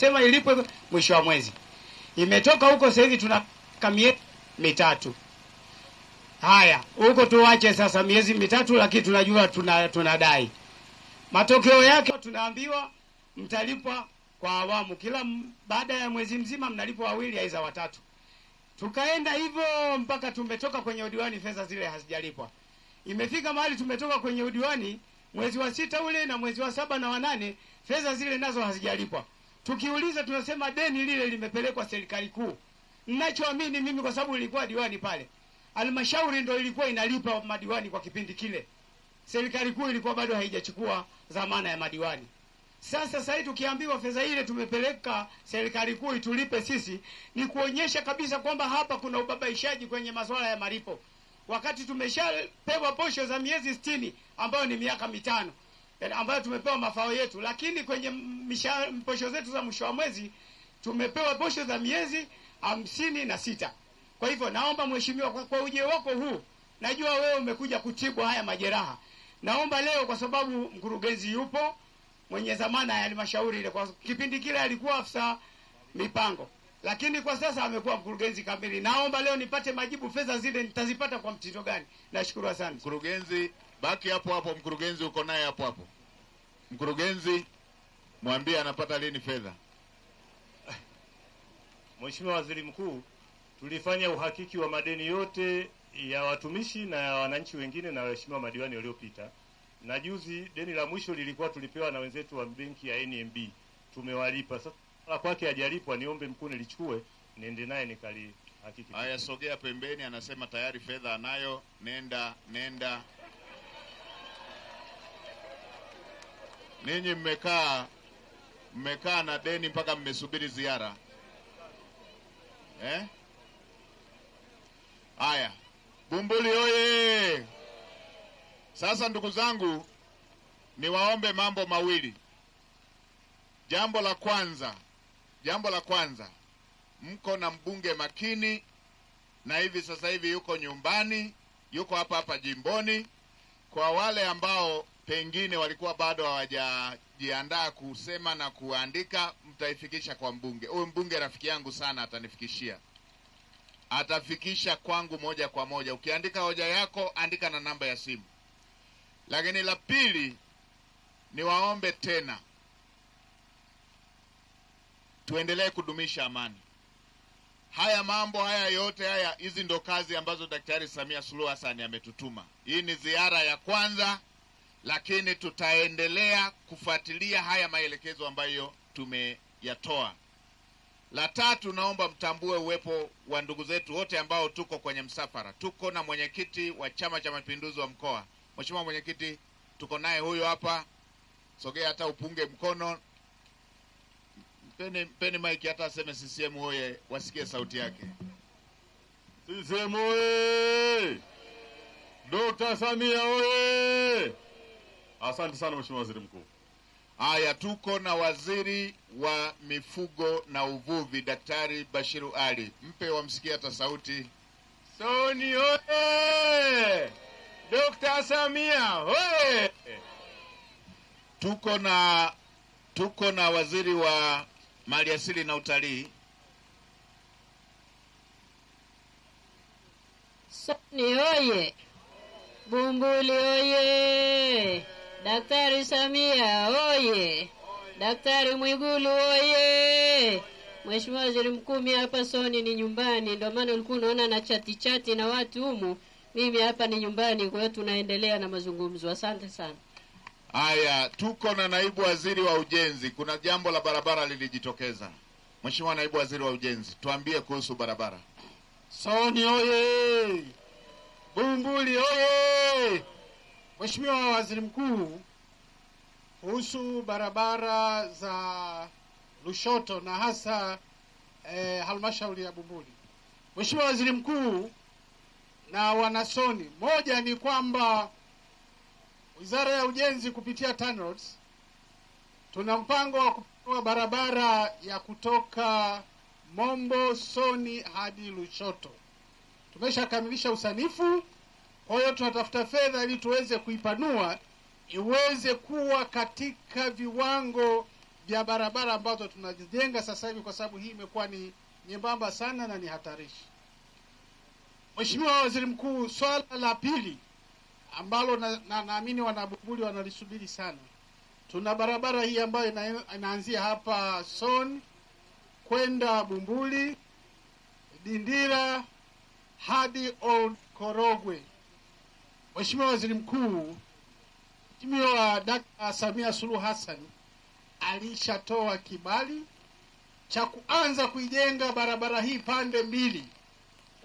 sema ilipwe mwisho wa mwezi. Imetoka huko sasa hivi tuna miezi mitatu. Haya, huko tuwache sasa miezi mitatu, lakini tunajua tuna tunadai. Matokeo yake tunaambiwa mtalipwa kwa awamu, kila baada ya mwezi mzima mnalipwa wawili aiza watatu. Tukaenda hivyo mpaka tumetoka kwenye udiwani, fedha zile hazijalipwa. Imefika mahali tumetoka kwenye udiwani mwezi wa sita ule na mwezi wa saba na wanane, fedha zile nazo hazijalipwa. Tukiuliza tunasema deni lile limepelekwa serikali kuu. Ninachoamini mimi, kwa sababu ilikuwa diwani pale, halmashauri ndio ilikuwa inalipa madiwani kwa kipindi kile, serikali kuu ilikuwa bado haijachukua dhamana ya madiwani. Sasa sasa tukiambiwa fedha ile tumepeleka serikali kuu itulipe sisi, ni kuonyesha kabisa kwamba hapa kuna ubabaishaji kwenye masuala ya malipo, wakati tumeshapewa posho za miezi sitini ambayo ni miaka mitano yani ambayo tumepewa mafao yetu, lakini kwenye mishahara, posho zetu za mwisho wa mwezi tumepewa posho za miezi hamsini na sita. Kwa hivyo naomba mheshimiwa, kwa, kwa ujio wako huu najua wewe umekuja kutibu haya majeraha. Naomba leo kwa sababu mkurugenzi yupo mwenye zamana ya halmashauri ile, kwa kipindi kile alikuwa afisa mipango, lakini kwa sasa amekuwa mkurugenzi kamili. Naomba leo nipate majibu, fedha zile nitazipata kwa mtindo gani? Nashukuru sana mkurugenzi. Baki hapo hapo, mkurugenzi uko naye hapo hapo. Mkurugenzi mwambie anapata lini fedha. Mheshimiwa Waziri Mkuu, tulifanya uhakiki wa madeni yote ya watumishi na ya wananchi wengine na waheshimiwa madiwani waliopita, na juzi deni la mwisho lilikuwa tulipewa na wenzetu wa benki ya NMB, tumewalipa. Sasa kwake hajalipwa, niombe mkuu nilichukue niende naye nikalihakiki. Haya, sogea pembeni, anasema tayari fedha anayo. Nenda, nenda. Ninyi mmekaa mmekaa na deni mpaka mmesubiri ziara eh? Haya, Bumbuli oye! Sasa ndugu zangu, niwaombe mambo mawili. Jambo la kwanza, jambo la kwanza, mko na mbunge makini, na hivi sasa hivi yuko nyumbani, yuko hapa hapa jimboni. Kwa wale ambao pengine walikuwa bado hawajajiandaa kusema na kuandika, mtaifikisha kwa mbunge. Huyu mbunge rafiki yangu sana, atanifikishia atafikisha kwangu moja kwa moja. Ukiandika hoja yako, andika na namba ya simu. Lakini la pili, niwaombe tena tuendelee kudumisha amani. Haya mambo haya yote haya, hizi ndo kazi ambazo Daktari Samia Suluhu Hassan ametutuma. Hii ni ziara ya kwanza lakini tutaendelea kufuatilia haya maelekezo ambayo tumeyatoa. La tatu, naomba mtambue uwepo wa ndugu zetu wote ambao tuko kwenye msafara. Tuko na mwenyekiti wa Chama cha Mapinduzi wa mkoa. Mheshimiwa mwenyekiti, tuko naye huyo hapa, sogea hata upunge mkono. Mpeni, mpeni maiki hata aseme CCM hoye, wasikie sauti yake. CCM oye! Dokta Samia oye! Asante sana Mheshimiwa Waziri Mkuu. Haya, tuko na waziri wa mifugo na uvuvi, Daktari Bashiru Ali. Mpe wamsikia hata sauti. Soni oye! Dr. Samia oye! Tuko na tuko na waziri wa maliasili na utalii. Soni oye! Bumbuli oye! Daktari Samia oye! Daktari Mwigulu oye! Mheshimiwa Waziri Mkuu, mimi hapa Soni ni nyumbani, ndio maana ulikuwa unaona na chati chati na watu humu. Mimi hapa ni nyumbani, kwa hiyo tunaendelea na mazungumzo. Asante sana. Haya, tuko na naibu waziri wa ujenzi. Kuna jambo la barabara lilijitokeza. Mheshimiwa naibu waziri wa ujenzi, tuambie kuhusu barabara. Soni oye! Bumbuli oye! Mheshimiwa Waziri Mkuu, kuhusu barabara za Lushoto na hasa eh, halmashauri ya Bumbuli. Mheshimiwa Waziri Mkuu na wanasoni, moja ni kwamba Wizara ya Ujenzi kupitia TANROADS tuna mpango wa kupanua barabara ya kutoka Mombo Soni hadi Lushoto. Tumeshakamilisha usanifu kwa hiyo tunatafuta fedha ili tuweze kuipanua iweze kuwa katika viwango vya barabara ambazo tunazijenga sasa hivi, kwa sababu hii imekuwa ni nyembamba sana na ni hatarishi. Mheshimiwa Waziri Mkuu, swala la pili ambalo naamini na, na wanabumbuli wanalisubiri sana, tuna barabara hii ambayo ina, inaanzia hapa son kwenda Bumbuli Dindira hadi Old Korogwe. Mheshimiwa Waziri Mkuu, Mheshimiwa Dkt. Samia Suluhu Hassan alishatoa kibali cha kuanza kuijenga barabara hii pande mbili,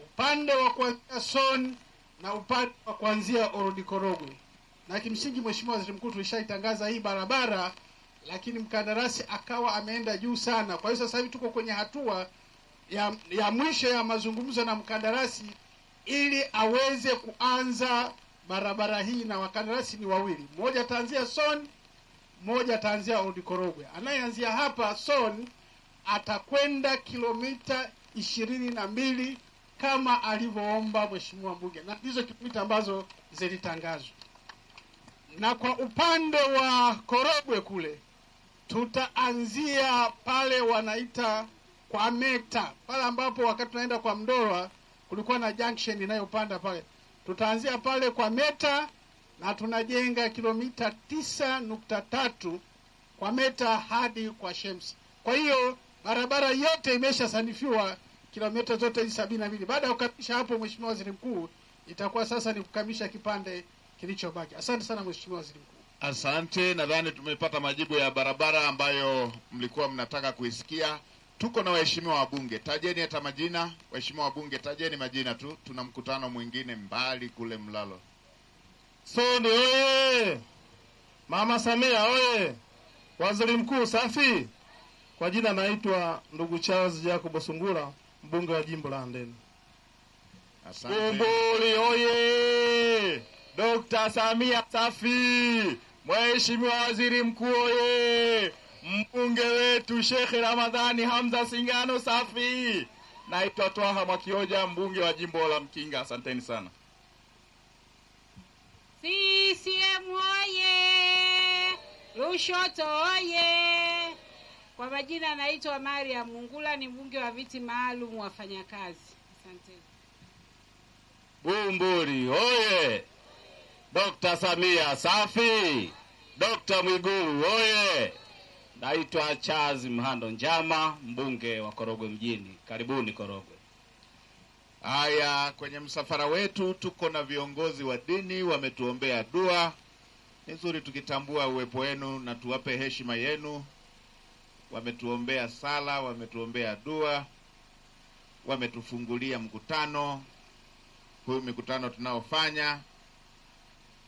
upande wa kuanzia Soni na upande wa kuanzia Orodikorogwe. Na kimsingi, Mheshimiwa Waziri Mkuu, tulishaitangaza hii barabara, lakini mkandarasi akawa ameenda juu sana. Kwa hiyo sasa hivi tuko kwenye hatua ya, ya mwisho ya mazungumzo na mkandarasi ili aweze kuanza barabara hii na wakandarasi ni wawili, mmoja ataanzia Soni, mmoja ataanzia Old Korogwe. Anayeanzia hapa Son atakwenda kilomita ishirini na mbili kama alivyoomba mheshimiwa mbunge, na hizo kilomita ambazo zilitangazwa. Na kwa upande wa Korogwe kule tutaanzia pale wanaita kwa Meta, pale ambapo wakati tunaenda kwa Mdorwa kulikuwa na junction inayopanda pale Tutaanzia pale kwa meta na tunajenga kilomita tisa nukta tatu kwa meta hadi kwa Shemsi. Kwa hiyo barabara yote imeshasanifiwa kilomita zote hizi sabini na mbili. Baada ya kukamilisha hapo, Mheshimiwa Waziri Mkuu, itakuwa sasa ni kukamilisha kipande kilichobaki. Asante sana Mheshimiwa Waziri Mkuu. Asante, nadhani tumepata majibu ya barabara ambayo mlikuwa mnataka kuisikia. Tuko na waheshimiwa wabunge, tajeni hata majina. Waheshimiwa wabunge, tajeni majina tu, tuna mkutano mwingine mbali kule Mlalo. Soni oye! Mama Samia oye! Waziri mkuu safi! Kwa jina naitwa ndugu Charles Jacob Sungura, mbunge wa jimbo la Handeni. Bumbuli oye! Dr. Samia safi! Mheshimiwa waziri mkuu oye! Mbunge wetu Shekhe Ramadhani Hamza Singano safi. Naitwa Twaha Mwakioja, mbunge wa jimbo la Mkinga. Asanteni sana. CCM oye! Lushoto oye! Kwa majina anaitwa Maria Mungula, ni mbunge wa viti maalum wafanyakazi. Asanteni. Bumburi oye! Dr. Samia safi. Dr. Mwigulu oye! Naitwa Charles Mhando Njama, mbunge wa Korogwe Mjini. Karibuni Korogwe. Haya, kwenye msafara wetu tuko na viongozi wa dini wametuombea dua. Ni nzuri tukitambua uwepo wenu na tuwape heshima yenu. Wametuombea sala, wametuombea dua, wametufungulia mkutano huyu, mikutano tunaofanya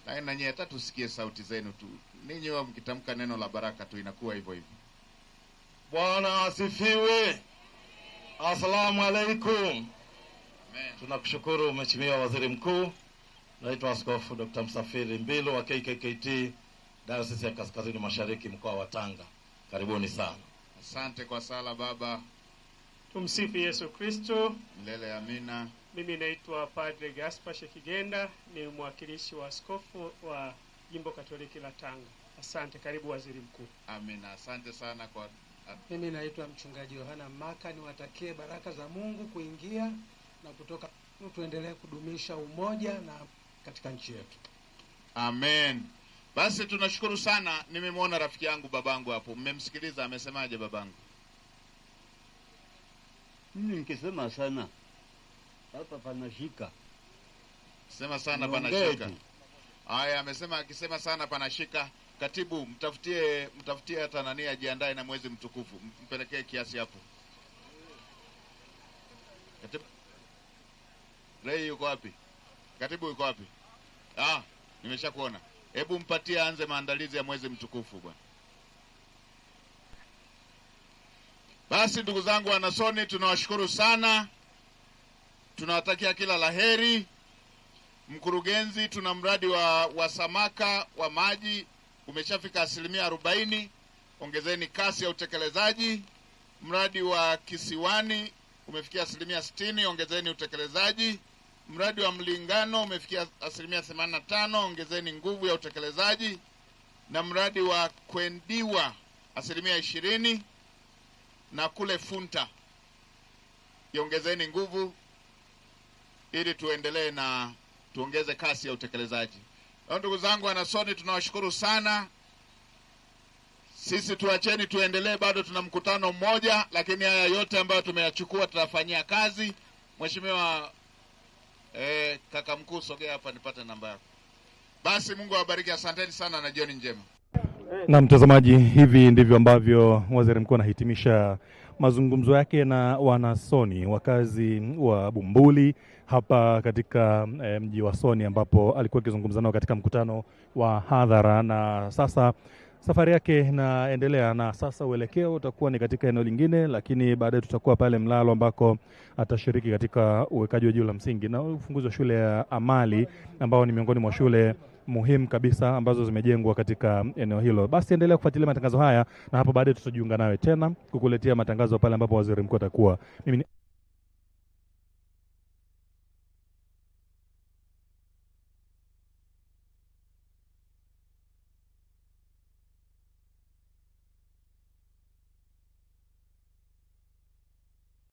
Eh, na nyie, hata tusikie sauti zenu tu, ninyi wa mkitamka neno la baraka tu inakuwa hivyo hivyo. Bwana asifiwe. Asalamu alaikum. Tunakushukuru Mheshimiwa Waziri Mkuu. Naitwa Askofu Dr. Msafiri Mbilu wa KKKT Dayosisi ya Kaskazini Mashariki mkoa wa Tanga. Karibuni sana. Asante kwa sala baba. Tumsifu Yesu Kristo. Milele amina. Mimi naitwa Padre Gaspar Shekigenda, ni mwakilishi wa askofu wa Jimbo Katoliki la Tanga. Asante. Karibu Waziri Mkuu. Amina, asante sana kwa mimi naitwa mchungaji Yohana Maka, niwatakie baraka za Mungu kuingia na kutoka, tuendelee kudumisha umoja na katika nchi yetu. Amen. Basi tunashukuru sana. Nimemwona rafiki yangu babangu hapo, mmemsikiliza amesemaje babangu? Mimi nikisema sana hapa panashika. Sema sana panashika. Haya, amesema akisema sana panashika. Katibu, mtafutie mtafutie hata nani ajiandae na mwezi mtukufu, mpelekee kiasi hapo. Katibu Rei yuko wapi? Katibu yuko wapi? Ah, nimesha kuona. Hebu mpatie aanze maandalizi ya mwezi mtukufu bwana. Basi ndugu zangu wanasoni, tunawashukuru sana tunawatakia kila la heri Mkurugenzi, tuna mradi wa, wa Samaka wa maji umeshafika asilimia arobaini, ongezeni kasi ya utekelezaji. Mradi wa Kisiwani umefikia asilimia sitini, ongezeni utekelezaji. Mradi wa Mlingano umefikia asilimia themanini na tano, ongezeni nguvu ya utekelezaji, na mradi wa Kwendiwa asilimia ishirini, na kule Funta iongezeni nguvu ili tuendelee na tuongeze kasi ya utekelezaji. Ndugu zangu wanasoni, tunawashukuru sana. Sisi tuacheni tuendelee, bado tuna mkutano mmoja, lakini haya yote ambayo tumeyachukua tutafanyia kazi. Mheshimiwa eh, kaka mkuu, sogea hapa nipate namba yako. Basi Mungu awabariki, asanteni sana na jioni njema. Na mtazamaji, hivi ndivyo ambavyo waziri mkuu anahitimisha mazungumzo yake na wanasoni wakazi wa Bumbuli hapa katika eh, mji wa Soni ambapo alikuwa akizungumza nao katika mkutano wa hadhara, na sasa safari yake inaendelea, na sasa uelekeo utakuwa ni katika eneo lingine, lakini baadaye tutakuwa pale Mlalo ambako atashiriki katika uwekaji wa jiwe la msingi na ufunguzi wa shule ya amali ambao ni miongoni mwa shule muhimu kabisa ambazo zimejengwa katika eneo hilo. Basi endelea kufuatilia matangazo haya, na hapo baadaye tutajiunga nawe tena kukuletea matangazo pale ambapo waziri mkuu atakuwa. Mimi